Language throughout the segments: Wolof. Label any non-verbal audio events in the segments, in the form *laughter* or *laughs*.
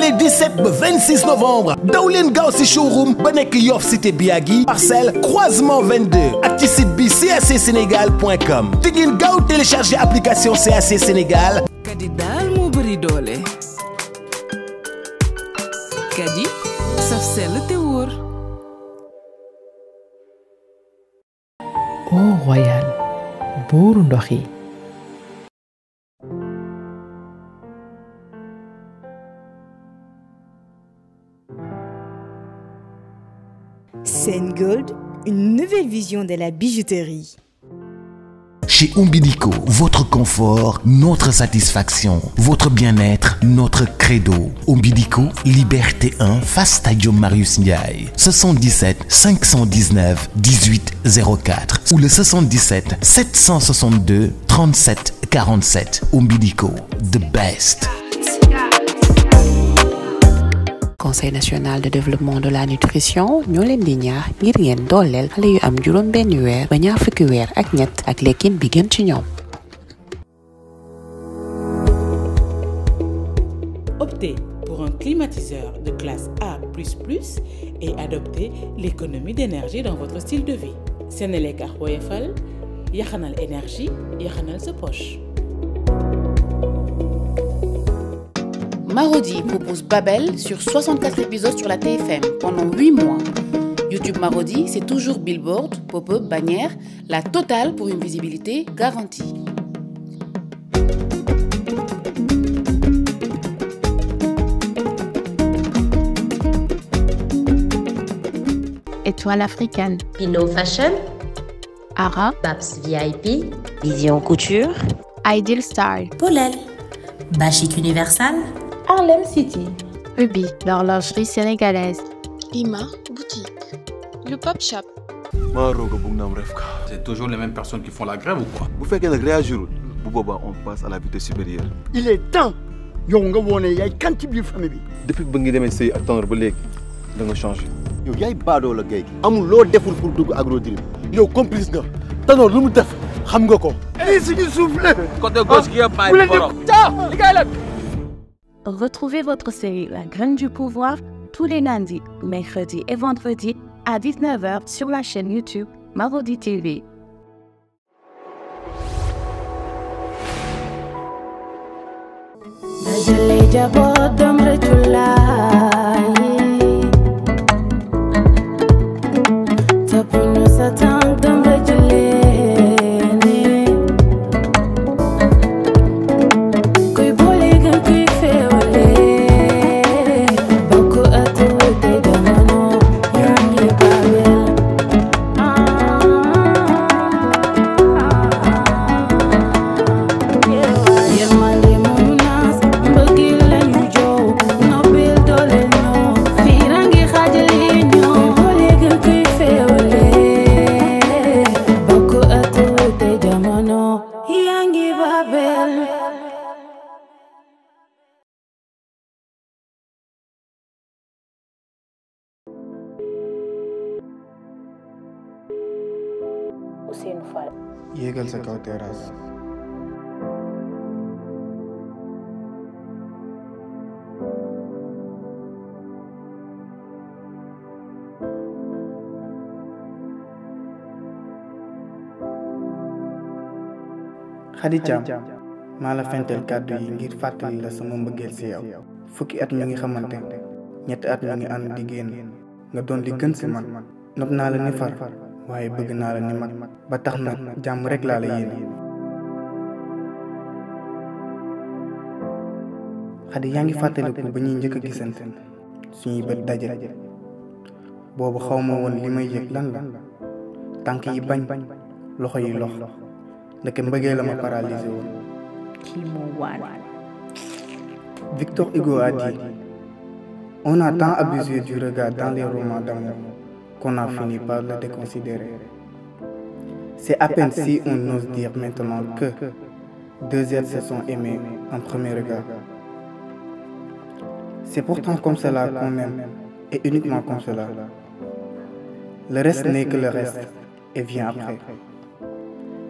Les 17 26 novembre dans le showroom ba nekk Yoff cité Biagi. parcelle croisement 22 à ci cac télécharger application cac sénégal kadi Gold, une nouvelle vision de la bijouterie. Chez Umbilico, votre confort, notre satisfaction, votre bien-être, notre credo. Umbilico, Liberté 1, Fastadium Marius Ndiaye. 77 519 1804 ou le 77 762 37 47. Umbilico, the best conseil national de développement de la nutrition ñoo leen di ñaax ngir ngeen dooleel xale yu am juróom benn weer ba ñaar fukki weer ak ñett ak bi gën ci ñoom Optez pour un climatiseur de classe A++ et adoptez l'économie d'énergie dans votre style de vie Sénélec ak Woyofal yaxanal énergie yaxanal sa poche Marodi propose Babel sur 64 épisodes sur la TFM pendant 8 mois. YouTube Marodi, c'est toujours billboard, pop-up, bannière, la totale pour une visibilité garantie. Étoile africaine. Pinot Fashion. Ara. Babs VIP. Vision Couture. Ideal Style. Pollel, Bashik Universal. Harlem City. Ruby, l'horlogerie sénégalaise. Lima, boutique. Le Pop Shop. C'est toujours les mêmes personnes qui font la grève ou quoi Vous faites qu'elle réagir. On passe à la vitesse supérieure. Il est temps. Depuis que vous sey attendre, vous changer. yow yay bado la gay amul lo deful pour dugg Agro drip yow complice nga tano lu mu def xam nga ko. lii suñu suuf la. côté gauche qui yëpp maa ngi borom. li ngay lan. Retrouvez votre série La Graine du Pouvoir tous les lundis, mercredis et vendredis à 19h sur la chaîne YouTube Marodi TV. Khady Thiam maa la fentel kaddu yi ngir fatali la sama mbeugel ci yow fukki at mi ngi xamante at mi ngi and di génn nga don di gën si man nop na la ni far waye bëgg na la ni mag ba tax na jàmm rek la la yéene Khady yaa ngi fàttaliku ba ñuy njëkk a gisante suñuy bët daje boobu xaw ma woon lan la tank yi bañ loxoy yi paralysé Victor Hugo a dit on a tant abusé du regard dans les romans d'amour qu'on a fini par le déconsidérer c'est à peine si on ose dire maintenant que deux êtres se sont aimés en premier regard c'est pourtant comme cela qu'on aime et uniquement comme cela le reste n'est que le reste et vient après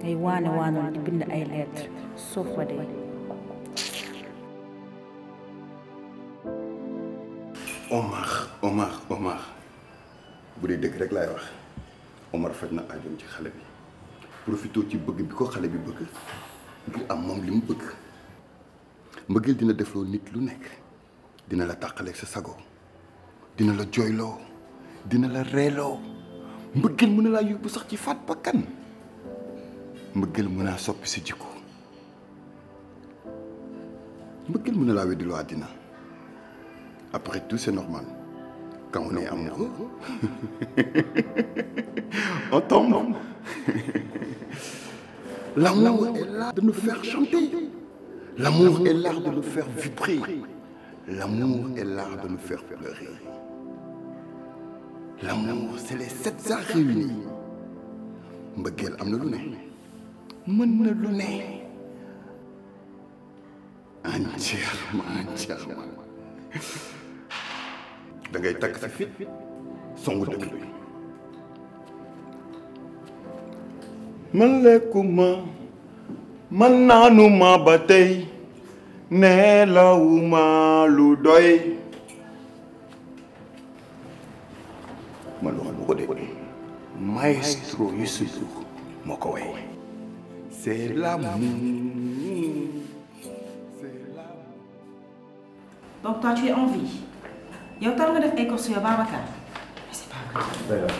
ngay waane waanoon di bind ay lettre so fa dee Omar Omar Omar budi deug rek lay wax Omar fajna na ajoom ci xale bi profito ci bëgg bi ko xale bi bëgg du am mom limu bëgg mbëggeel dina lo nit lu nekk dina la takalé sa sago dina la joylo dina la relo mbëggeel mëna la laa yóbbu sax ci faat bakkan mbëggeel mën de soppi sa je mbëggeel mën na de weddiloo àddina après tout c'est normal quand on est amoureux *laughs* on tombe l'amour est l'art de nous faire chanter l'amour est l'art de nous faire vibrer l'amour est l'art de nous faire pleurer l'amour c'est les sept arts réunis mbëggeel am de lu mën na lu ne entièrement entièrement da ngay takk sa fit songu dëkk bi man lekkuma man naanuma ba tey nelawuma lu doy man waxal ma ko dee maestro Youssou Ndour moo ko way c'est l'amour. Donc toi, tu es en vie. le tal de def ay courses yow Babacar mais c'est pas grave.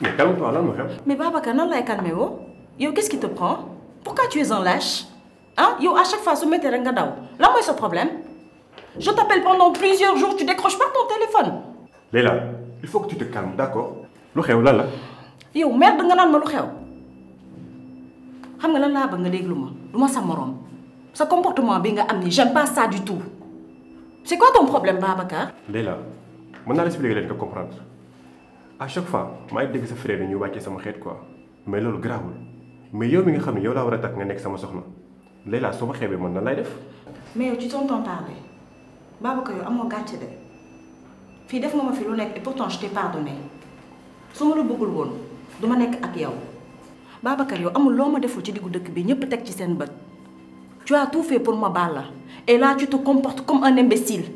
mais calme-toi là mon cher. mais Babacar là lay calme woo oh? Yo qu'est-ce qui te prend pourquoi tu es en lâche Hein? Yo à chaque fois tu mets ton nga Là moi c'est un problème je t'appelle pendant plusieurs jours tu décroches pas ton téléphone. Léla, il faut que tu te calmes d'accord Lo xew là tu Yo merde nga nan ma lo xam nga lan laa bëgg nga déglu ma du ma sa morom sa comportement bi nga am ni j'aime pas ça du tout c'est quoi ton problème Babacar. Leila mën naa expliquer leen nga comprendre à chaque fois maa ngi dégg sa frère yi ñu wàccee sama xeet quoi mais loolu garaawul mais yow mi nga xam ne yow laa war a takk nga nekk sama soxna Leila soo ma xeebee man nan lay def. mais yow ci tonton Talla Babacar yow amoo gàcce de fii def nga ma fi lu nekk et pourtant je t'ai pardonné su ma la bëggul woon du ma nekk ak yow. Babacar yow amul loma ma deful ci digu dëkk bi ñëpp tek ci seen bët tu as tout fait pour ma balle et là tu te comportes comme un imbécile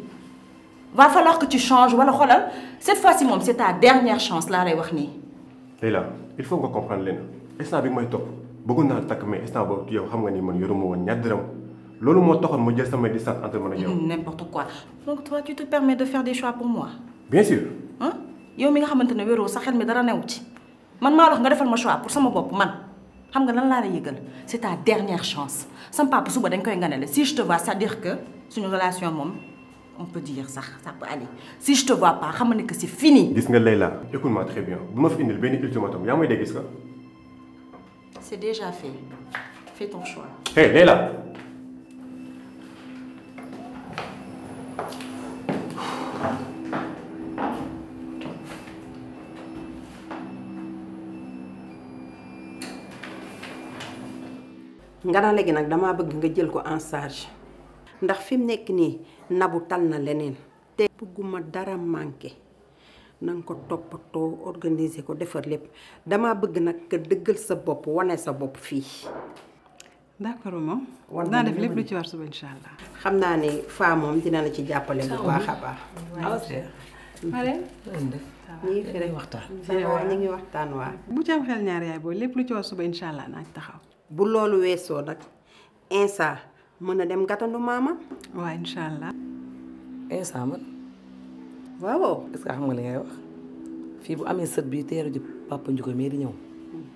va falloir que tu changes wala xolal. cette fois-ci mom, c'est ta dernière chance là, lay wax ni. Leila il faut nga comprendre leen instant bi may topp bëggoon naa takk mais instant boobu yow xam nga ni man yoruma woon ñaar dërëm Lolu mo taxon ma jël sama distance entre man ak yow. *laughs* n'importe quoi donc toi tu te permets de faire des choix pour moi. bien sûr. Hein? yow mi nga xamantene wéro wéroo sa xel mi dara newu ci man maa wax nga defal ma choix pour sama bop man xam nga lan la lay yëgal c'est ta dernière chance sama papa suba dañ koy nganale si je te vois ça dire que suñu relation mom on peut dire ça, ça peut aller si je te vois pas xam que c'est fini. gis nga Leila écoute-moi très bien buma fi indil ben ultimatum yaa may dégg gis c'est déjà fait fais ton choix. hey Leila. nga naa léegi nak dama bëgg nga jël ko en charge ndax fim mu nekk nii nabu tal na lenen té bëgguma dara manké na nga ko toppatoo organiser ko defar lépp dama bëgg nak ke dëggal sa bop woné sa bop fi d'accord moom naa def lépp lu ci war suba inshallah allah ni fa mom dina na ci jappalé bu baax a Mare, ñii fi rek waxtaan ñu ngi waxtaan wa. bu ci am xel ñaar yaay booy lépp lu ci war suba insha allah naa ci taxaw bu lolou wesso nak Insa meuna dem gàttandu mama wa inshallah Insa man. waaw. est-ce que xam nga ngay wax fi bu amé seut bi teeru ju papa Ndiouga mé di ñew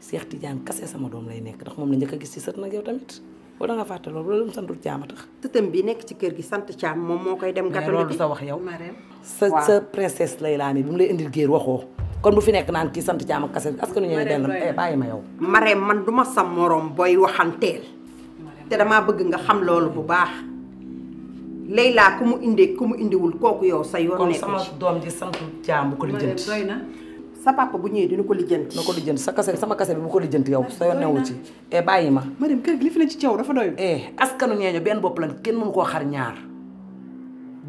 Cheikh Tidiane kase sama dom lay nek tax mom la ñëk gis ci seut nak yow tamit wala nga faté lolou lolou mu santul caama tax. teutam bi nek ci kër gi sante caam mom mo koy dem. gàttandu sa wax yow. sa princesse layla laa bu mu lay indil guer waxo kon bu fi nekk naan kii sant Thiam ak Kassé askan wi ma yow. man du ma sa morom booy waxanteel te damaa bëgg nga xam loolu bu baax Layla ku mu indee ku indiwul kooku yow sa yoon. nekk kon sama doom ji sant Thiam bu ko lijjanti. sa papa bu ñëwee dina ko lijjanti. dina ko lijjanti sa Kassé sama Kassé bi bu ko lijjanti yow sa yoon newu ci. Eh, bàyyi ma. Marème gi fi ci caw dafa doy. askanu eh, ñeeño benn bopp lan kenn mënu koo xar ñaar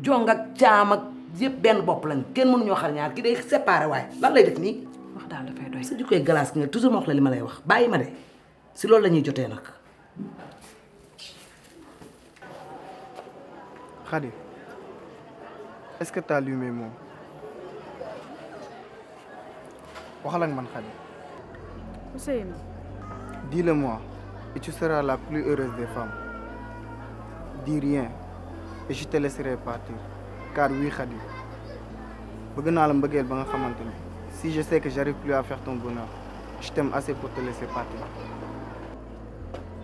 jong ak yëpp benn bopp lañ kenn mënuñoo xar ñaar ki day séparé waaye lan lay def nii. wax daal dafay doy. sa jikkoy glace ki nga toujours ma wax la li ma lay wax bàyyi ma de si loolu la ñuy jotee nag. est-ce que t'as allumé moom waxal ak man Khady. Ousseynou. dis-le-moi et tu seras la plus heureuse des femmes. dis rien et je te laisserai partir car oui Khady bëgg naa la mbëggeel ba nga xamante si je sais que j'arrive plus à faire ton bonheur je t'aime assez pour te laisser partir.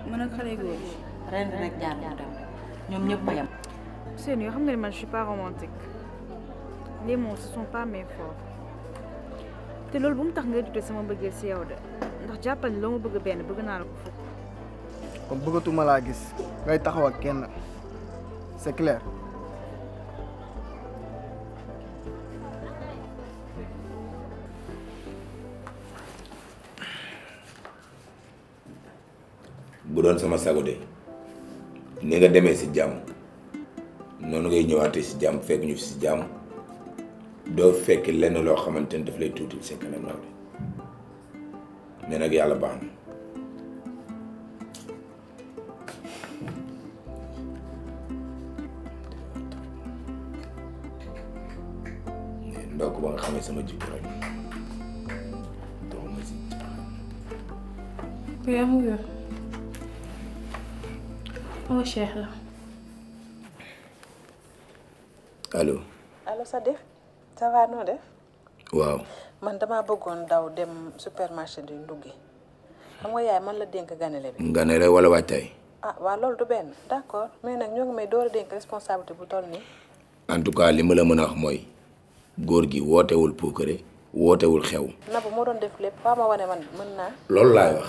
man ak xale góor yi ren rek jaar mu dem ñoom ñëpp a yem. Ousseynou yoo xam ne man je suis pas romantique les mots ce sont pas mes forces te loolu bu mu tax nga dute sama mbëggeel si yow de ndax jàppal loo ma bëgg benn bëgg naa la ko fukk. kon bëggatuma laa gis ngay taxaw ak kenn c'est clair. sama sago de c'est nga demee si jàmm à ngay ñëwaatee si jàmm fekk ñu si jàmm doo fekk lenn loo xamante daf lay mais na ndokk ba nga xamee sama awa Cheikh la. allo. allo Sadikh def. waaw. man damaa bëggoon daw dem supermarché di nduggi xam nga yaay man la dénk ganale bi. ganale wala waajtaay. ah waaw loolu du benn d'accord mais nag ñoo ngi may door a dénk responsabilité bu toll nii. en tout cas li ma la mën a wax mooy góor gi wootewul puukare wootewul xew. Nabou moo doon def lépp faa ma wane man mën naa. loolu laay wax.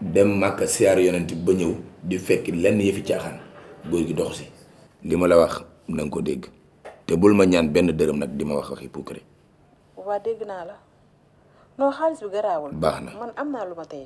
dem màkka siyaar yonent ba ñëw di fekk lenn fi caaxaan góor gi dox li ma la wax na ko dégg te bul ma ñaan benn dërëm nag di ma wax waxi puukare waa dégg naa la non xaalis bi garaawul baax na man am naa lu ma tey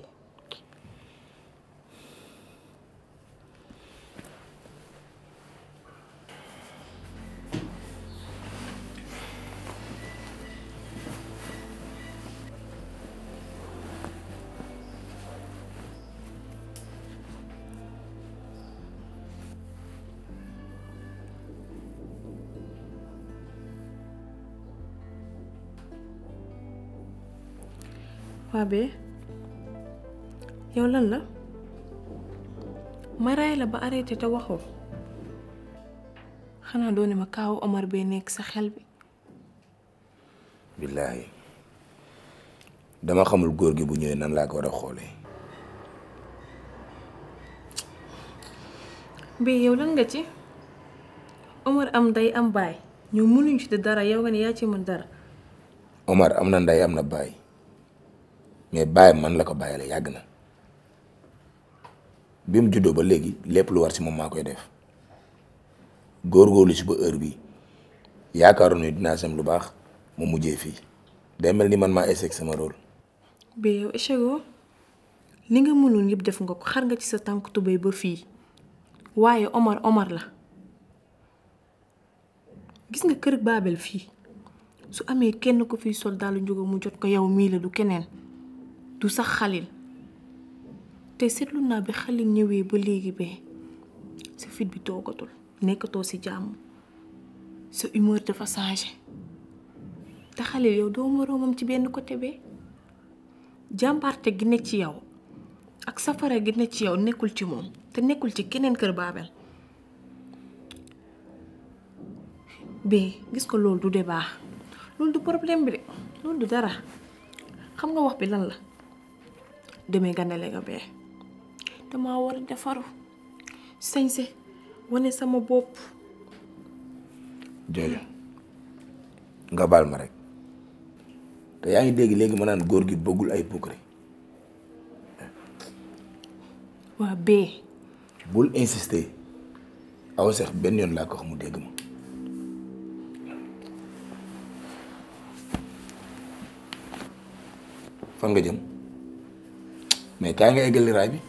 به yow lan la ma ray la ba arrêté te waxoo xanaa doone ma kaawu Omar bee nekk sa xel bi billaahi dama xamul góor gi bu ñëwee nan laa ko war a xoolee bii yow lan nga ci Omar am ndey am baay ñu mënuñ ci dara yow nga ne yaa ci mën dara Omar am na ndey am na baay mais bàyyi man la ko bàyyile yàgg na bi mu juddoo ba léegi lépp lu war si moom maa koy def góorgóorlu si ba heure bi yaakaaroon ni dinaa sem lu baax mu mujjee fii day mel ni man maa échec sama rôle. bi yow li nga mënul yëpp def nga ko xar nga ci sa tànk tubéy ba fii waaye Omar Omar la gis nga kër Baabel fii su amee kenn ko fiy sol daal njugo mu jot ko yow mii la du keneen. du sax xalil te seetlu naa bi xalil ñëwee ba léegi be sa fit bi toogatul nekkatoo ci jàmm sa humeur dafa changé te xalil yow doo romam ci benn côté bee jàmbarte gi ne ci yow ak safara gi ne ci yow nekkul ci moom te nekkul ci keneen kër baabel bé gis ko loolu du débat loolu du problème bi de loolu du dara xam nga wax bi lan la demee ganale nga bee damaa war a defaru sañse wane sama bopp joojo nga baal ma rek te yaa ngi dégg léegi ma naan góor gi bëggul ay pukkare waa bee bul insister aw sax benn yoon laa ko wax mu dégg ma fan nga jëm mais kaay nga eggali raay bi.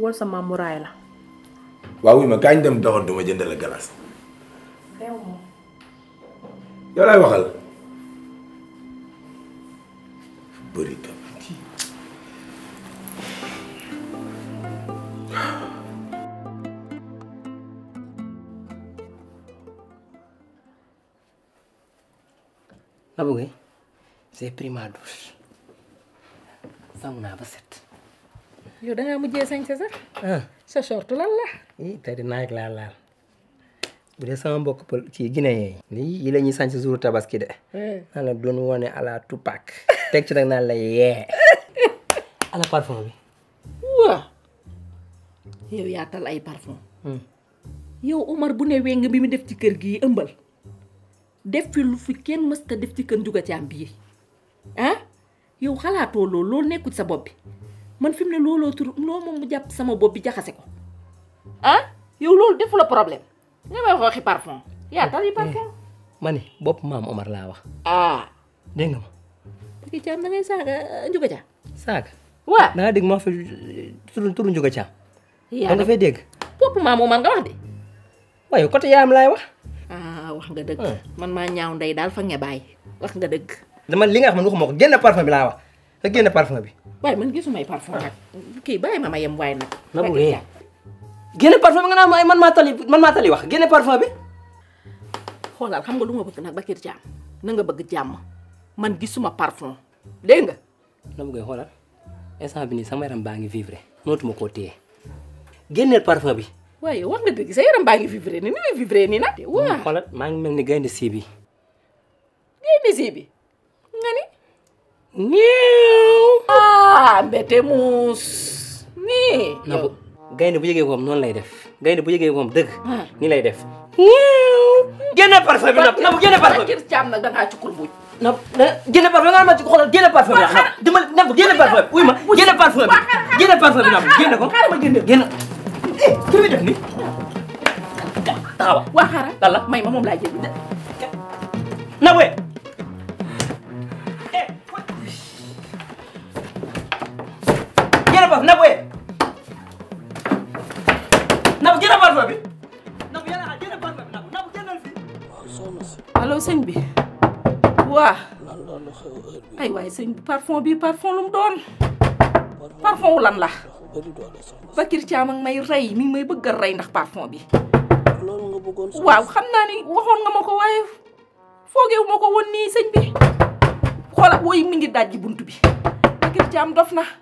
wol sa maamu raay la. waaw wuy ma kaay ñu dem doxantu ma jëndal la galaas. réew moom. yow laay waxal. bëri tam. Nabou prima douche. zauna ba set yow da ngaa mujjee sañse sax ah. sa short lan la i tey di naaj laa laal bu dee sama mbokk pël ci Guinée yi lii yi la ñuy jour tabaski de eh. naan la doon ala Tupac teg ci nag naan la yee *laughs* ala parfum bi waa yow yaatal ay parfum hmm. yow Omar bu ne weng bi mu def ci kër gi ëmbal def fi lu fi kenn mës def ci kër juga ci am ah yow xalaatoo loolu loolu nekkul sa bopp bi man fi mu ne looloo tur loo moom mu jàpp sama bopp bi jaxase ko ah yow loolu defu la problème nga may waxi hmm. parfum ma ne bopp maam Omar laa wax ah dégg nga ma parce euh, que dégg ma fi euh, turu turu njuga caam yaa nga fay dégg bopp maam Omar nga wax de waaye yaam laay wax ah, wax nga dëgg ah. man maa ñaaw ndey daal fa nga bàyyi wax nga dëgg dama li nga wax man waxuma ko génn parfum bi laa wax nga génn bi. waaye man gis parfum nag kii bàyyi ma ma yem na bu dee génn parfum bi nga naan man maa tali man maa wax génn parfum bi. xoolal xam nga lu ma bëgg nag Bakir Thiam na nga bëgg jàmm man gisuma parfum dégg nga. na bu dee xoolal instant bi ni sama yaram baa ngi vivre nootuma koo téye génneel parfum bi. waaye wax nga dëgg sa yaram baa ngi vivre nii ni muy vivre nii nag. waaw xoolal maa ngi mel ni gaynde sii bi. gaynde sii bi. nga ni. ñëw. ah mbete muus. nii. nabu gaynde bu yëgee koom noonu lay def gaynde bu yëgee koom dëgg. nii lay def. ñëw. génne parfum bi nag nabu génne parfum bi. càmm nag da ngaa ci kurbuñ. nabu génne parfum nga ma ci xoolal génne parfum bi nag dama nabu génne ma génne parfum bi génne parfum ko génne. jërëjëf eh, taxawa waa xaaral. may ma moom laa jël. nabu wax Nabou eh Nabou jëlee barfa bi Nabou yéen a jëlee barfa bi Nabou Nabou génnal fii. waaw soxna si. allo sëñ bi waa. lan la lu xew heure bi. ay waay sëñ bi parfum bi parfum lu mu doon. parfum wu lan la. Bakir Thiam ak may rey mi may bëgg a rey ndax parfum bi. loolu nga bëggoon waaw xam naa ni waxoon nga ma ko waaye foogeewu ma ko woon nii sëñ bi xoola booy mi ngi dajji buntu bi Bakir Thiam dof na.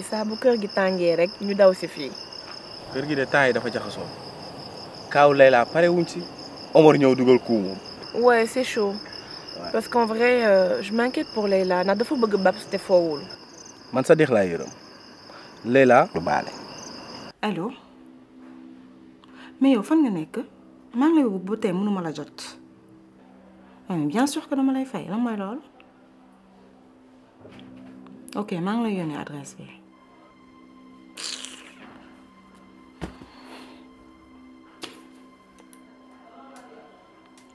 yi saa bu keur gi tangé rek ñu daw ci fi keur gi de tay dafa jaxasoo kaw Layla paré wuñ ci Omar ñëw duggal ku moom. ouais c'est chaud parce qu'en vrai euh, je m'inquiète pour Layla ndax dafa bëgg Babs te fowul man sa dix la yërëm Layla. lu baale. allo mais yow fan nga nek ma ngi lay woo ba tey mënuma la jot ah, bien sûr que dama lay fay lan mooy loolu ok maa ngi lay yónnee adresse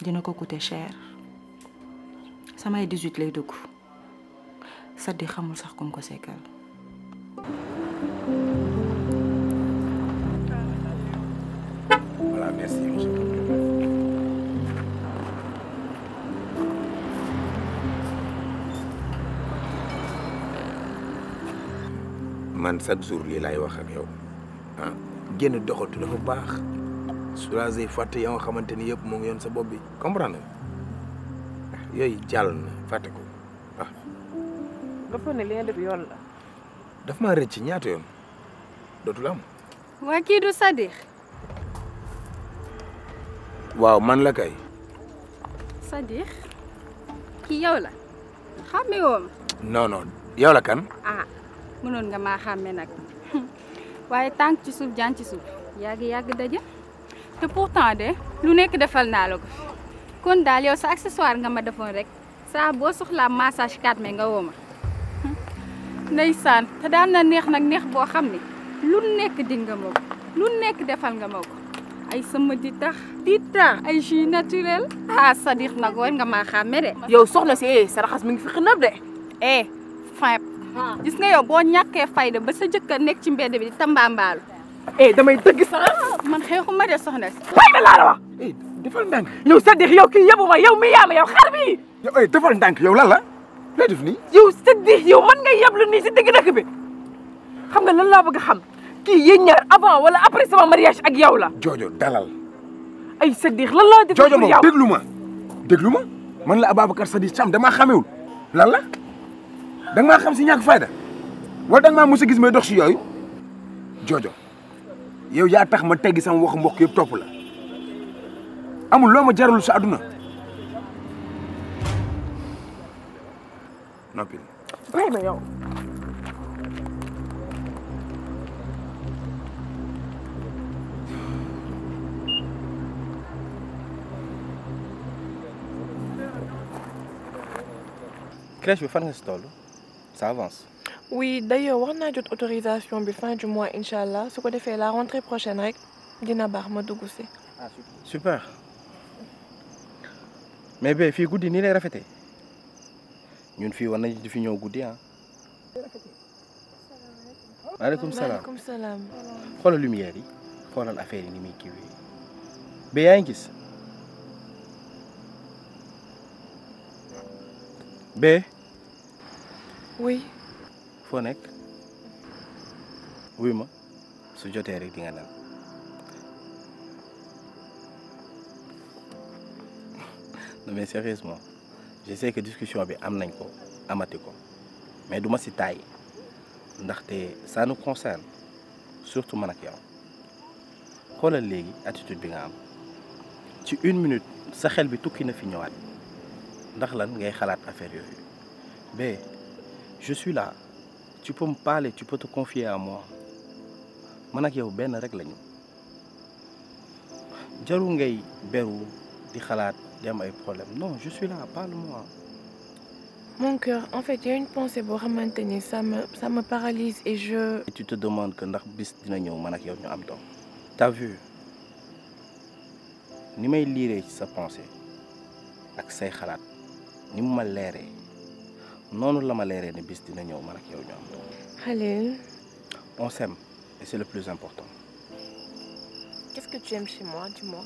dina ko coûter cher samay 18 lay sa di xamul sax kum ko sekkal. voilà merci monsieur. man chaque jour lii lay wax ak yow hein ah, genn doxatu dafa bax suraze fatte ya xamanteni yep mo ngi yon sa bobbi comprendre yoy jall na fatte ko ah. nga foog ne li nga def yoon la. daf ma recc ñaata yoon dootul am. wa ki du sadiq waaw man la kay. sadiq ki yow la xamé wom non non yow la kan. ah mënon nga ma xamé nak *laughs* waye tank ci souf jant ci souf yag yag dajje te pourtant de lu nekk defal naa la kon daal yow sa accessoire nga ma defoon rek saa boo soxlaa massage kat me nga woo ma ndeysaan te daal na neex nag neex boo xam ne lu nekk di nga ma lu nekk defal nga ma ko ay sama di tax di tax ay jus naturel ah Sadix nag war nga maa xàmme de. yow soxna si eh, sa raxas mi ngi fi xinab de. eh fayam. Ah. gis nga yow boo ñàkkee fayda ba sa jëkkër nekk ci mbedd bi di tambaambaalu. eh damay dëgg sa man xeexuma de soxna si way ma laa la wax eh defal ndànk yow sadix yow kii yebuma yow mi yaama yow xar bi yow eh defal ndànk yow lan la lay def nii yow sadix yow man ngay yeblu nii si digg dëkk bi xam nga lan laa bëgg xam kii yéen ñaar avant wala après sama mariage ak yow la joojo dalal ay sadix lan laa def joojo moom déglu ma déglu ma man la Ababacar Sadix Thiam damaa xamewul lan la da nga maa xam si ñàkk fayda wala da nga maa mos a gis may dox si yooyu joojo yow yaa tax ma teggi sama waxu mbokk yëpp la amul ma sa faire noppi bay ma yow crèche bi fan ça avance oui d'ailleurs on a jot autorisation bi fin du mois inch'allah, ce su ko la rentrée prochaine rek dina baax ma dugg si. ah super mais bé fii Goudi, ni lay rafetee ñun fii war nañu di fi ñëw guddi ah. maaleykum Alaykoum maaleykum salaam. la lumière yi l'affaire, affaire ni muy kiiwee ba yaa ngi bé. oui foo oui wuy ma su jotee rek di nga non mais sérieusement je sais que discussion bi am nañ ko amati ko mais duma si tàyyi ndaxte ça nous concerne surtout man ak Quand xoolal léegi attitude bi nga am ci une minute sa xel bi tukki na fi ñëwaat ndax lan ngay xalaat affaire yooyu mais je suis là tu peux me parler tu peux te confier à moi man ak yow ben rek lañu jarul ngay beru di xalaat dem ay problème non je suis là parle-moi. mon cœur en fait il y a une pensée pour maintenir ça me ça me paralyse et je. et tu te demandes que ndax bis dina ñew man ak yow ñu am doom. t'as vu ni may lire ci sa pensée ak say xalaat ni mu ma leeree. Non, la ma ne bis dina ñëw man ak yow ñu am on s'aime et c'est le plus important. qu'est-ce que tu aimes chez moi dis-moi.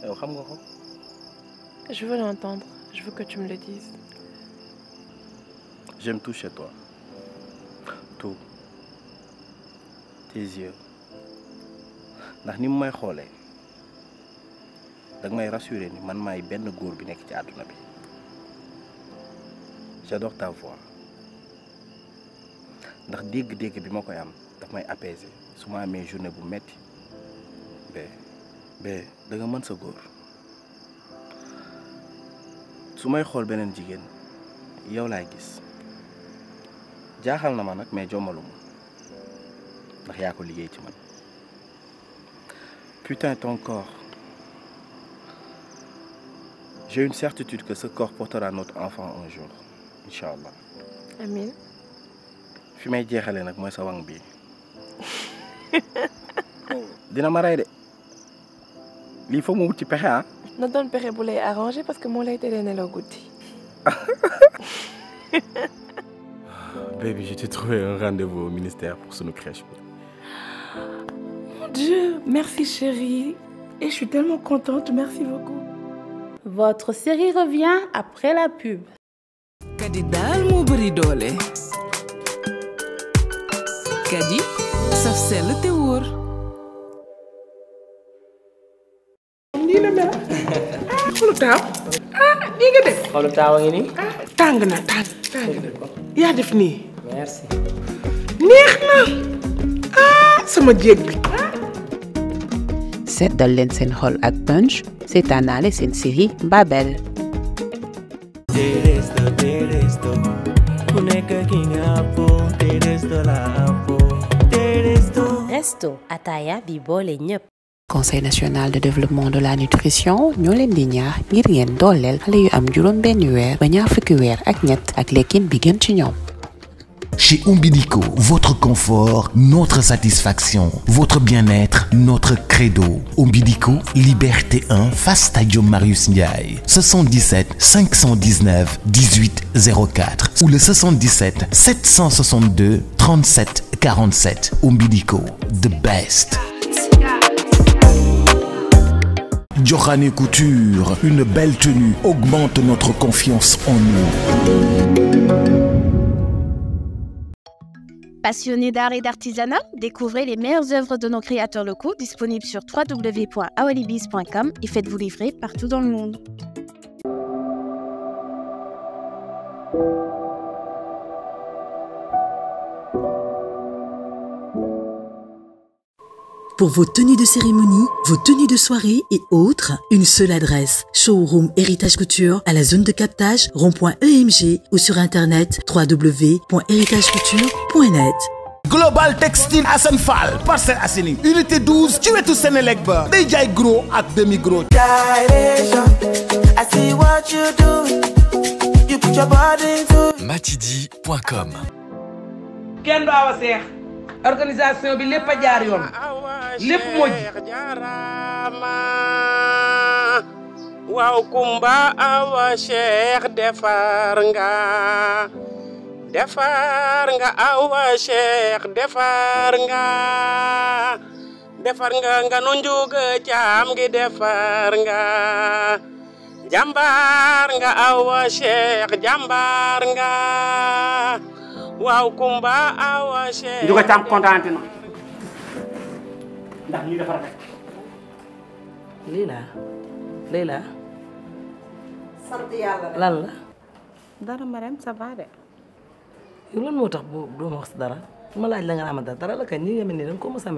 Tu xam nga ko. je veux l'entendre je veux que tu me le dises. j'aime tout chez toi. tout. tes yeux. ndax ni may xolé danga may rassurer ni man may ben goor bi nek ci aduna bi j'adore ta voix ndax bi suis am daf may apaiser journée metti da nga sa yow na ma mais ndax ko putain ton corps j'ai une certitude que ce corps portera notre enfant un jour Inch'Allah.. Amine..! fi may jeexalee nak moy sa wang bi dina ma ray de li faut que wut ci pexe père..! Ah. na don pexe bu lay arrangé parce que mo lay teree lo guddi. *laughs* Baby, je t'ai trouvé un rendez-vous au ministère pour son crèche Mon Dieu, merci chérie. Et je suis tellement contente, merci beaucoup. Votre série revient après la pub. di daal moo bari doole kadi saf sell te wóor nii la mel ah, ah, ah, tàng na tàng tàng na yaa nii neex na ah sama jéeg bi leen seen xol ak punch seetaanaale seen série Babel keto bi boole conseil national de développement de la nutrition ñoo leen di ñaax ngir ngeen dooleel xale yu am juróom Bigan Chignon. ba ak ñett ak bi gën ci ñoom. Chez Umbilico, votre confort, notre satisfaction, votre bien-être, notre credo. Umbilico, Liberté 1, face Marius Ndiaye. 77 519 1804 ou le 77 762 37 47. Umbilico, the best. Diorané Couture, une belle tenue augmente notre confiance en nous. Passionné d'art et d'artisanat, découvrez les meilleures œuvres de nos créateurs locaux disponibles sur www.awalibis.com et faites-vous livrer partout dans le monde. Pour vos tenues de cérémonie, vos tenues de soirée et autres, une seule adresse. Showroom Héritage Couture à la zone de captage rond.emg ou sur internet www.héritagecouture.net. Global Textile Asenfal, Parcel Asini, unité 12 es tout Sénélec ba day gros à demi gros. matidi.com. organisation lépp moo waaw kumba awa cheikh defar nga defar nga awa cheikh defar nga defar nga nga nu njuga e caam gi defar nga jambar nga awa cheikh jambar nga waaw kumba awa cheikh njuga caam kontaan na ndax lii dafa rafet. lii lan la. dara Marème ça va de. lan moo tax boo doo ma wax si dara ma laaj la nga ma dara la kañ nii nga mel ni danga ko mos a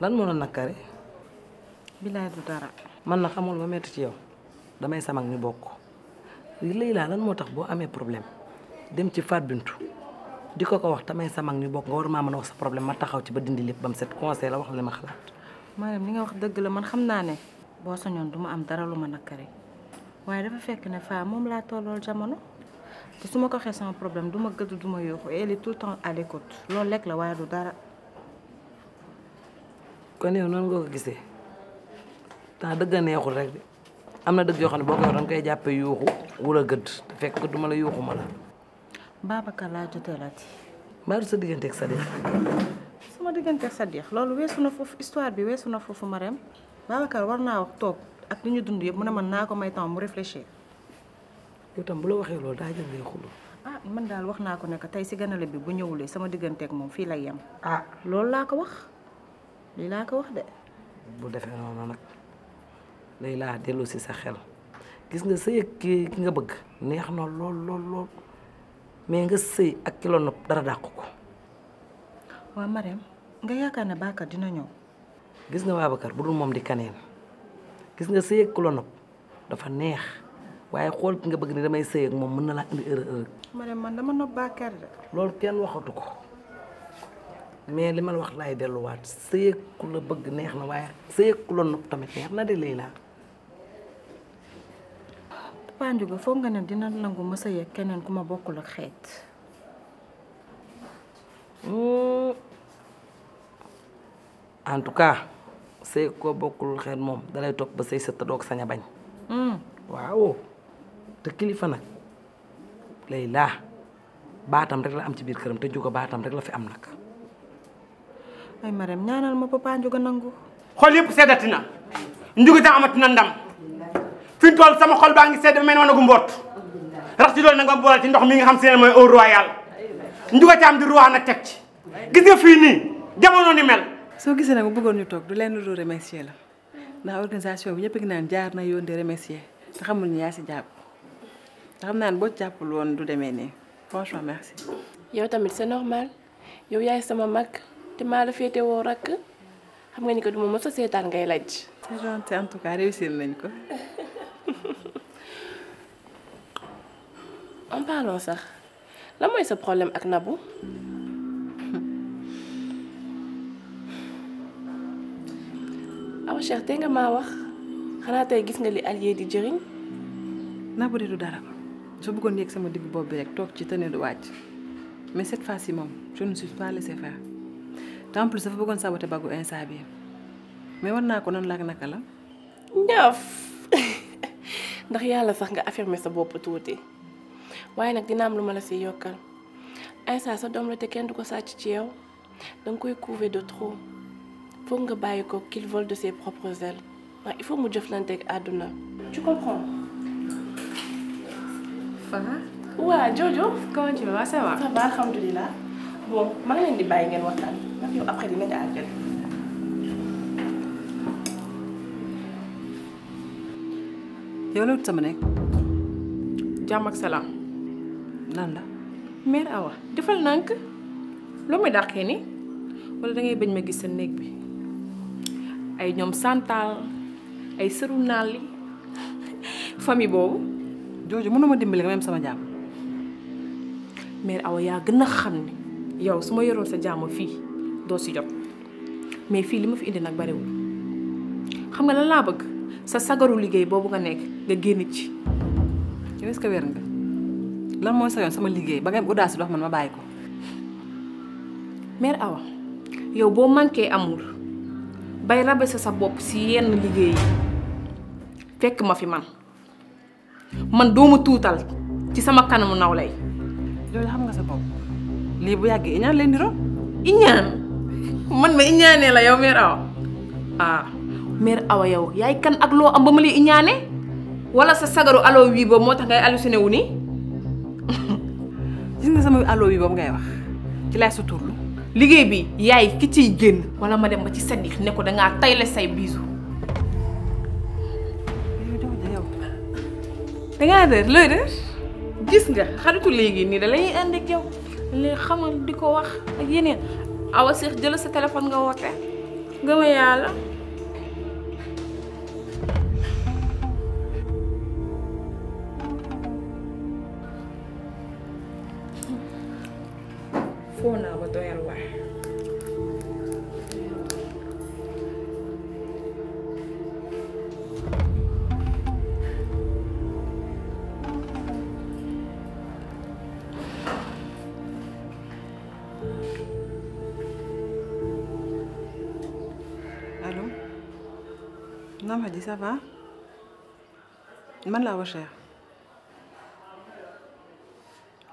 lan moo la nakkare. bilaay du dara. man na xamul ba metti ci yow damay samag ni bokk lii laa lan moo tax boo amee problème dem ci Fatou Bintou. di ko wax tamay sa mag ñu bok nga war maa wax sa problème ma taxaw ci ba dindi lepp bam set conseil la wax la ma xalaat manam ni nga wax deug la man xamna ne bo soñon duma am dara luma ma waye dafa fekk ne fa mom la tolol jamono te suma ko xé sama problème duma gëdd duma ma et elle est tout temps à l'écoute loolu lek la waye du dara ko yow non nga ko gisee ta deug neexul rek amna deug yo xamne boko yo dang boo ko yor da koy gëdd fekk duma la yuxuma la Babacar laa joteelati. maa sa digganteeg Sadiq. sama sa Sadiq loolu weesu na foofu histoire bi weesu na foofu Marème Babacar war naa wax toog ak li ñu dund yëpp mu ne man naa ko may temps mu réfléchir. yow tam bu la waxee loolu daa jël ngay xuloo. ah man daal wax naa ko ne tey si ganale bi bu ñëwulee sama digganteeg moom fii la yem. ah loolu laa ko wax lii laa ko wax de. bu defee noonu nag lay laa dellu si sa xel gis nga sa sëy ki nga bëgg neex na lool lool lool. mais nga sëy ak kilo nopp dara dàq ko. waaw Marème nga yaakaar ne Bakar dina ñëw. gis nga Babacar bu dul moom di kaneen gis nga sëy ak kilo dafa neex waaye xool ki nga bëgg ni damay sëy ak moom mën na laa indi erreur erreur. Marème man dama nopp loolu kenn waxatu ko mais li ma wax laay delluwaat sëy ak bëgg neex na waaye sëy ak kilo nopp tamit pandu ga fo nga ne dina nangu mësa sa keneen kenen kuma bokul ak xeet hmm. en tout cas c'est ko bokul xet mom dalay tok ba sey set dok saña bañ hmm waaw te kilifa nak lay batam rek la am ci bir kërëm te juga batam rek la fi am nak ay maram ñaanal ma papa ga nangu xol yëpp seddati na ta amati na ndam fi tol sama xol baa ngi sedd mel wanagu mboot rax ci loolu na nga boole ci ndox mi nga xam seen mooy eau royale ci am di roi nak teg ci gis nga fi ni jamono ni mel so gisee nag mu ñu tok du leen lu remercier la ndax organisation bi ñepp gi naan jaar na yoon di remercier te xamul ni yaa si jàpp te xam naan bo jappul won du demee nii franchement merci yow tamit c'est normal yow yaay sama mag te ma la fété wo rak xam nga ni ko duma ma mos ngay laj c'est gentil en tout cas réussir nañ ko *laughs* en *laughs* parlant ça, là moi ce problème avec Nabou Ah Cheikh te nga maa wax xanaa tey gis nga li allié di jëriñ Nabou de dara soo bëggoon yegg sama digg bopp rek tok ci tane du wacc. mais cette fois-ci moom je ne suis pas laissé faire te en plus dafa bëggoon saboté bagou instant bi mais war naa ko noonu la naka la ñaaf ndax yàlla sax nga affirmé sa bopp tuuti waaye nag dina am lu ma la si yokkal Aïssa sa doom la te kenn du ko sàcc ci yow danga koy couver de trop foog nga bàyyi ko qu'il vole de ses propres ailes ndax il faut mu jëflanteeg àdduna. tu comprends. fa waaw Jojo. comment tu vas ça va. ça va alhamdulilah. bon maa ngi leen di bàyyi ngeen waxtaan ndax yow après dinañ àggal. yow la wut sama nekk jàmm ak salaam lan la mère Awa defal nànk loo may dàqee ni wala da ngay bañ ma gis sa néeg bi ay ñoom santal ay sëru naal li *laughs* famille boobu jooju mënuma dimbali nga même sama jam mère Awa yaa gën a xam yow su ma sa jàmm fii doo si jot mais fii li fi indi nag bariwul xam nga lan laa bëgg sa sagaru liggey bobu nga nek nga genn ci yow est-ce wer nga lan moy sa yon sama liggey ba ngay audace dox man ma bayiko ko mère awa yow bo manqué amour bay rabé sa bop si yenn liggey fekk ma fi man man doomu ci sama kanamu nawlay do xam nga sa bop li bu yàggee ñaan len di ro ñaan man ma ñaané la yow mère awa ah mer awa yow yaay kan ak lo am ba iñane wala sa sagaru alo wi bo motax ngay halluciné wuni *laughs* gis nga sama alo wi boobu ngay wax ci lay suturlu liggéey bi yaay ki ci genn wala ma dem ba ci sadik ne ko nga tayle say bisu nga der loy der gis nga xaritu léegi ni da lay andek yow li xamal diko wax ak yeneen awa sheikh jël sa téléphone nga woote gëma yalla Allô. non dit ça va la recherche.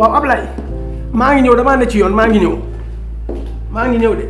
waaw Ablaye maa ngi ñëw damaa ne ci yoon maa ngi ñëw maa ngi ñëw de.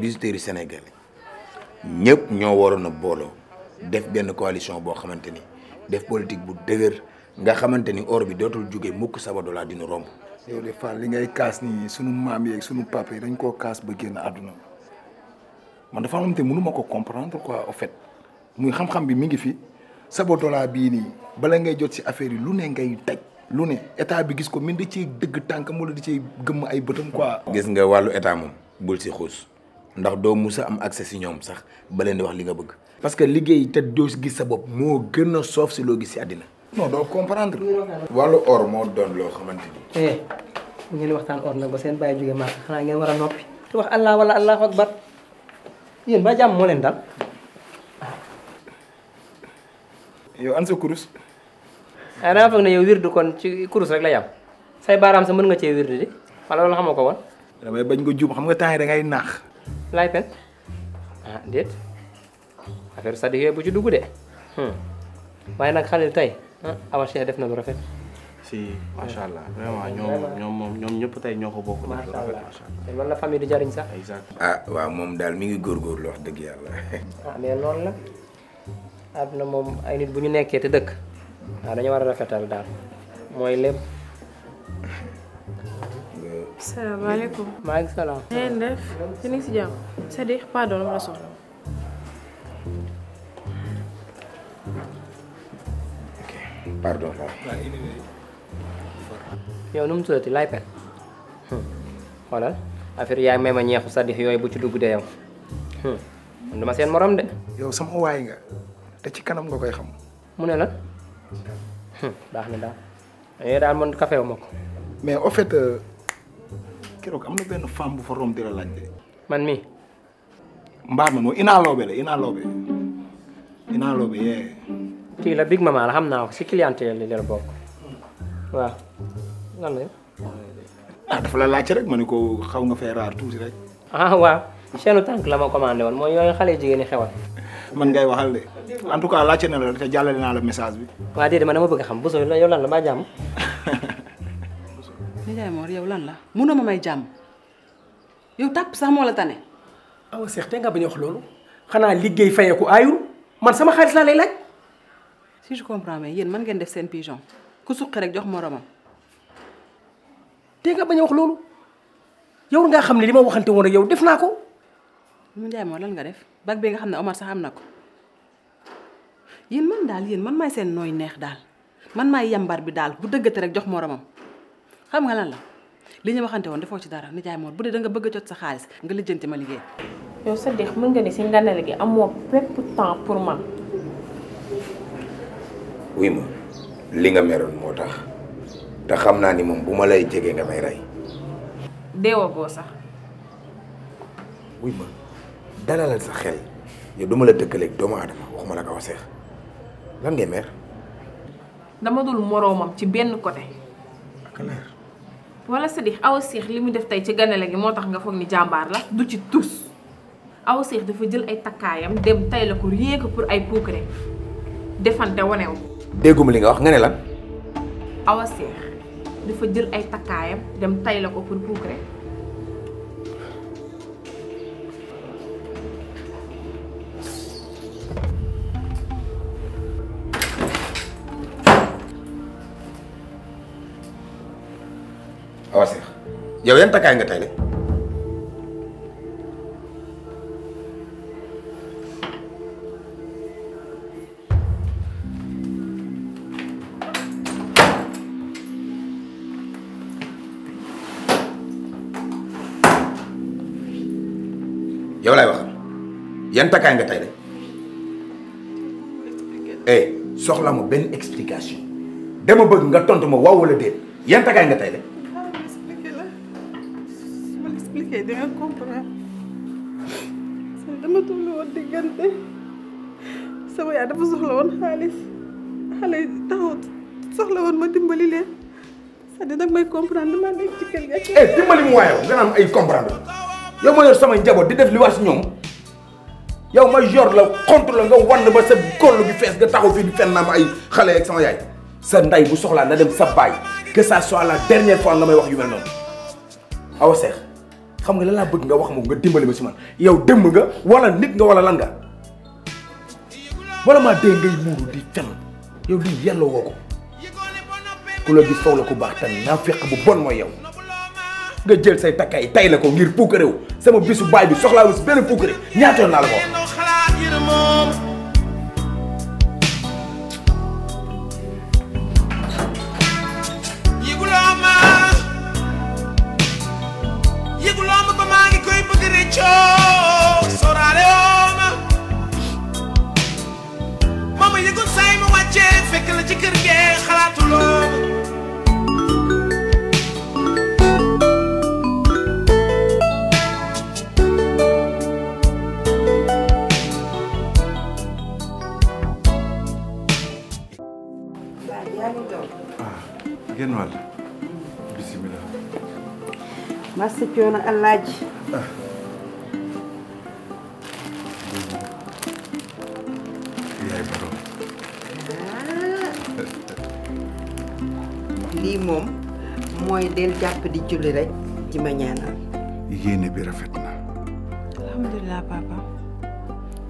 visiteurs yi sénégalais ñëpp ñoo waroon a booloo def benn coalition boo xamante ni def politique bu dëgër nga xamante ni or bi dootul jóge mukk Sabodala dina romb. yow li ngay kaas nii sunu maam yeeg sunu papa yi dañ koo kaas ba génn àdduna man dafa am te mënu ko comprendre quoi au fait muy xam-xam bi mi ngi fi Sabodala bii nii balaa ngay jot si affaire yi lu ne ngay daj. lu ne état bi gis ko min da ci dëgg tànkam wala da ci gëmm ay bëtam quoi. gis nga wàllu état moom bul si xuus ndax do musa am accès ci ñom sax ba leen di wax li nga bëgg parce que liggéey te do gis sa bop mo gëna a ci si gis ci adina non do comprendre walu or mo doon lo xamanteni eh ngeen waxtaan or na ba seen baye jóge maak xana ngeen wara nopi noppi te wax allah wala allahu akbar yeen ba jam mo leen dal yo an kurus ah eh, fa ne yow wirdu kon ci kurus rek la yam say baram sa mën nga ci wirdu di wala loolu xamoko won woon damay bañ nga jup xam nga ngay nax laay pen ah déet affaire Sadik yooyu bu ci dugg de hmm. waaye nag Khalil tey ah Awa Cheikh def na lu rafet. si macha allah hmm. vraiment ñoom ñoom moom ñoom ñëpp tey ñoo ko bokk. macha allah la famille di jariñ sax. exact ah waaw moom daal mi ngi góorgóorlu wax dëgg yàlla. *laughs* ah mais loolu la na moom ay nit bu ñu nekkee te dëkk waaw ah, dañu war a rafetal daal mooy lépp. salaamaaleykum. maaleykum eh, salaam. na ngeen def yéen a ngi si jàmm. cest pardon dama la soxla. ok pardon. yow nu nah, mu ya laay pen. xoolal affaire yaay may ma ñeexu ya à dire yooyu bu ci dugg de yow. man dama seen morom de. yow sama waay nga te ci kanam nga koy xam. mu ne la. baax na daal. yooyu daal man kafeewu mais au fait. kérok amna na femme bu fa rom di lañ dé man mi mbaar ma moom Ina lobé la Ina lobé Ina lobé yee. kii la Big Mama la xamna ko ci clientèle li la bok waaw lan lay ah dafa la lacc rek maniko xaw nga fee rar tuuti rek. ah waaw seenu tank la ma commandé won moy yoy xalé jigéen ñi xewal. man ngay waxal dé en tout cas laajte na la te jàllale naa la message bi. waaw dé man dama bëgg xam bu soo yow lan la maa jam *laughs* nijaay Mor yow lan la munoo ma may jàmm yow tàpp sax moo tane. awa Seex te nga bañ wax loolu xanaa liggéey fayeeku man sama xaalis laa lay si je comprends mais yéen mën def seen pigeon ku suqi rek jox moromam. te nga bañ wax loolu yow nga xam ne li waxante woon yow def naa ko. nijaay Mor lan nga def bag bi nga xam ne Omar sax am na ko yéen man daal yéen man maay seen nooy neex daal man maay yambar bi daal bu dëggate rek jox moromam. xam nga lan la li ñu waxante woon defoo ci dara ay moom bu dee da nga bëgg a jot sa xaalis nga lijjanti ma liggéey. yow Sadikh mën nga ni si ngànnale gi amoo bépp temps pour man. wuy ma li nga meroon moo tax te xam naa ni moom bu ma lay jegee nga may rey. deewa sax. wuy ma dalalal sa xel yow duma la dëkkaleeg doomu wax ma la ko waseex lan ngay mer. dama dul moroomam ci benn côté. wala c'est-à-dire aw seex li mu def tey ci ganale gi moo tax nga foog ni jàmbaar la du ci tus aw seex dafa jël ay takkaayam dem tay la ko rien que pour ay puukare defante wanew dégguma li nga wax nga ne lan aw seex dafa jël ay takkaayam dem tay la ko pour puukare yow yan takkaay nga tey nga tey de eh soxla ma benn explication dama bëgg nga tontu ma waaw wala déet yan takkaay nga tey de comprar. dama tolluwoon digante. sama ya dama soxla woon halis xale yi taxaw soxla woon ma dimbali leen c'est-à-dire nag may comprendre damaa ci eh dimbali mu waayoo nga naan ay comprendre yow ma yor sama njaboot di def li war si ñoom yow ma yor la contre la nga wan ba sa góorlu bi fees ga taxaw fi di fen naa ma ay xale ak sama yaay sa ndey bu soxlaa na dem sa baay que ça soit la dernière fois nga may wax yu mel noonu awa seex. xam nga lan laa bëgg nga wax ma nga dimbali ma si man yow démb nga walla nit nga wala lan nga wala maa dee ngay muuru di fen yow lii yàlla woo ko ku la gis faw la ko baax tan naa fekk bu bon mooy yow nga jël say takkaay tay la ko ngir puukareew sama bisu baay bi soxlaa wis benn puukaree ñaatoon naa la ko cow sóoraale woo ma moom yëgul say ma wàccee fekk la ci kër gee xalaatuloo ma ah, genn wàll bisimilah. Massi Thiono Alaaji moy del japp di julli rek di ma ñaanal. yene bi rafet na. papa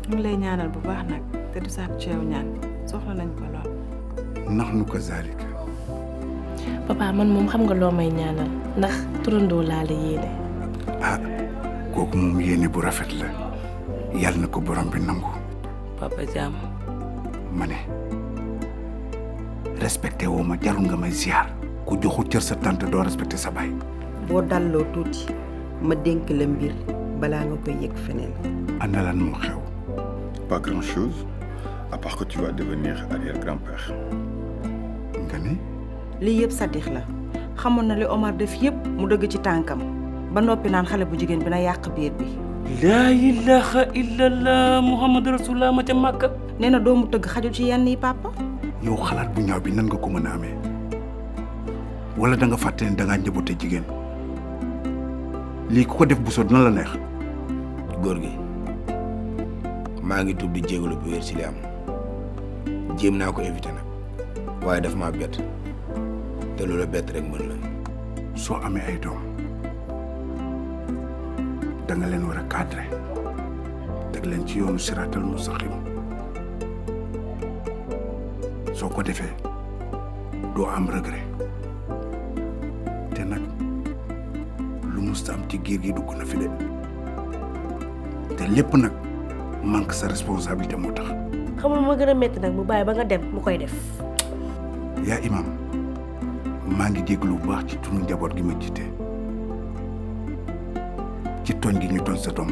ñu lay ñaanal bu baax nak te du sax ciow ñaan soxla nañ ko lool. ndax ka zalika papa man mom xam nga lo may ñaanal ndax turundo la la yene ah kok mom yene bu rafet la yal na ko borom bi nangu. papa jam, mané respecté wo ma jarul nga may ziar. ku joxu cër sa tante doo respecté sa baay. boo dalloo tuuti ma dénk la mbir balaa nga koy yëg feneen. ana lan moo xew. pas grand chose à part que tu vas devenir arrière grand-père. nga ni. lii yëpp Sadikh la xamoon na li Omar def yëpp mu dëgg ci tànkam ba noppi naan xale bu jigéen bi na yàq biir bi. laa ilaha illallah muhammad rasulullah ma ca màkka nee na doomu tëgg xajul ci yenn yi papa. yow xalaat bu ñaaw bi nan nga ko mën a amee. wala da nga fàtte ne da ngaa njaboote jigéen lii ko def Bousso dina la neex. góor gi maa ngi tuub di jégalu bu wér ci li am jéem naa ko éviter nag waaye daf maa bett te loola bett rek mën la. soo amee ay doom da leen war a cadré leen ci yoonu siraatal mustaqim soo ko defee doo am regret. musta ci giir gi dugg na fi de te lépp nag manque sa responsabilité moo tax. xam nga ma gën a métti nag mu bàyyi ba nga dem mu koy def. yaa imam maa ngi jéglu bu baax ci turu njaboot gi ma jiite ci tooñ gi ñu tooñ sa doom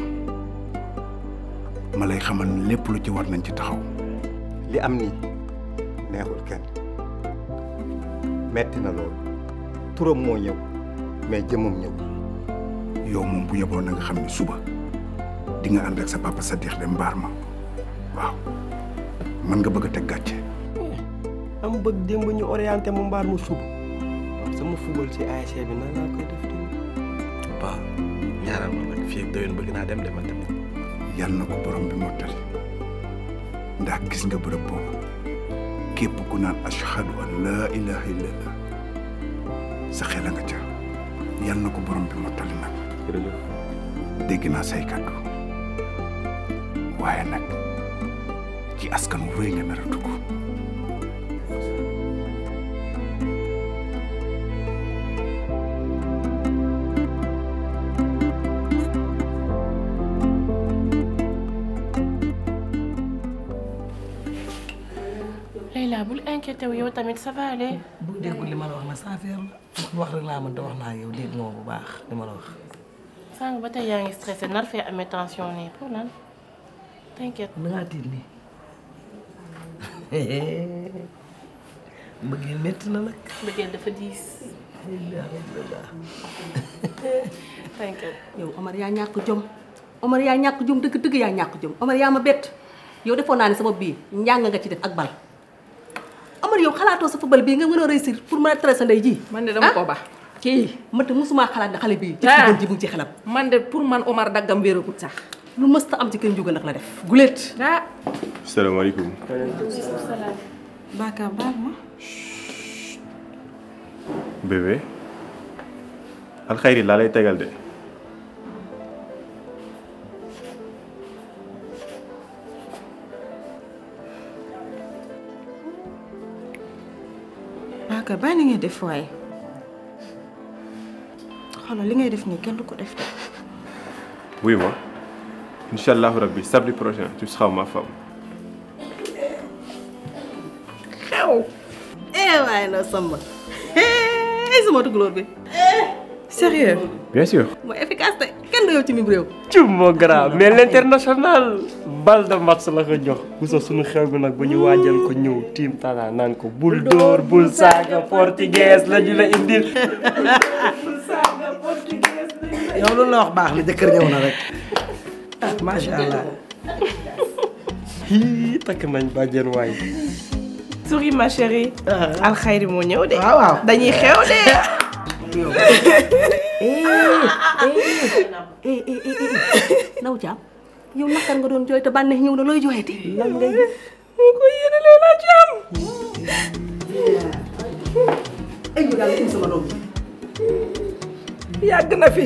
ma lay xamal lépp lu ci war nañ ci taxaw. li am nii neexul kenn metti na lool turam moo ñëw mais jëmmam ñëw. yow mom bu yeboo na nga xamni suba di nga ànd ak sa papa sa deex dem barma waaw man nga bëgg tek gatché am bëgg démb ñu orienté mu mbaar mu suba sama football ci ASC bi na laa koy def tamit. waaw ñaareel ma nag fi ak déwén bëgg na dem dama tam yal na ko borom bi tal ndax gis nga bërëb bo képp ku naan ashhadu an la ilaha illallah sa xel nga ca yal na ko borom bi tal nak deginasaykaɗo wayanak ki askan wuyga naratugo te yow tamit ça va aller. bu déggul li ma la wax ma saa fi wax rek laa mën te wax naa yow dégg nga ma bu baax li ma la wax. sànq baterai yang yaa ngi stressé nar fee amee tension nii pour lan t'inquiète. na ngaa tiit nii mbëggeel na nag. mbëggeel dafa diis. t'inquiète. yow Omar jom Omar yaa jom dëgg dëgg ya ñàkk jom Omar yaa ma bett yow defoon naa ne sa bopp bii nga ci def ak bal Omar yow xalaatoo sa football bii nga réussir pour ji. man dama ah? ko kii man de mosuma xalaat ne xale bi ah. ci bon ji mu ci xelam man de pour man Omar daggam wéeragut sax lu mës ta am ci kër Ndiouga ndax la def guléet ah salaamaaleykum salaam baaka baal laa lay tegal de baaka baa ni nga def waaye xoolal li ngay def ni kenn du ko def. oui ma inshallah rabbi sabri prochain tu seras ma femme. xew. eh way na Samba. eh sama tukulóor bi. sérieux. bien sûr. mo efficace kenn do yow ci mim réew. ci mo grave mais l'international. bal de match la ko jox. so sunu xew bi nak bu ñu wajjal ko ñew team tala nan ko. bul dóor bul portugais la ñu la indil. *laughs* yow la wax baax ñëw na rek macha allah. hii takk nañ waay. souris ma chérie. Ah. alxayri moo ñëw de. waaw waaw dañuy xew de. *laughs* Eh, eh, eh, naw jaam yow Tu nga doon jooy te ñëw na looy jooyati. lan ngay ko yéene jaam. yàgg na fi.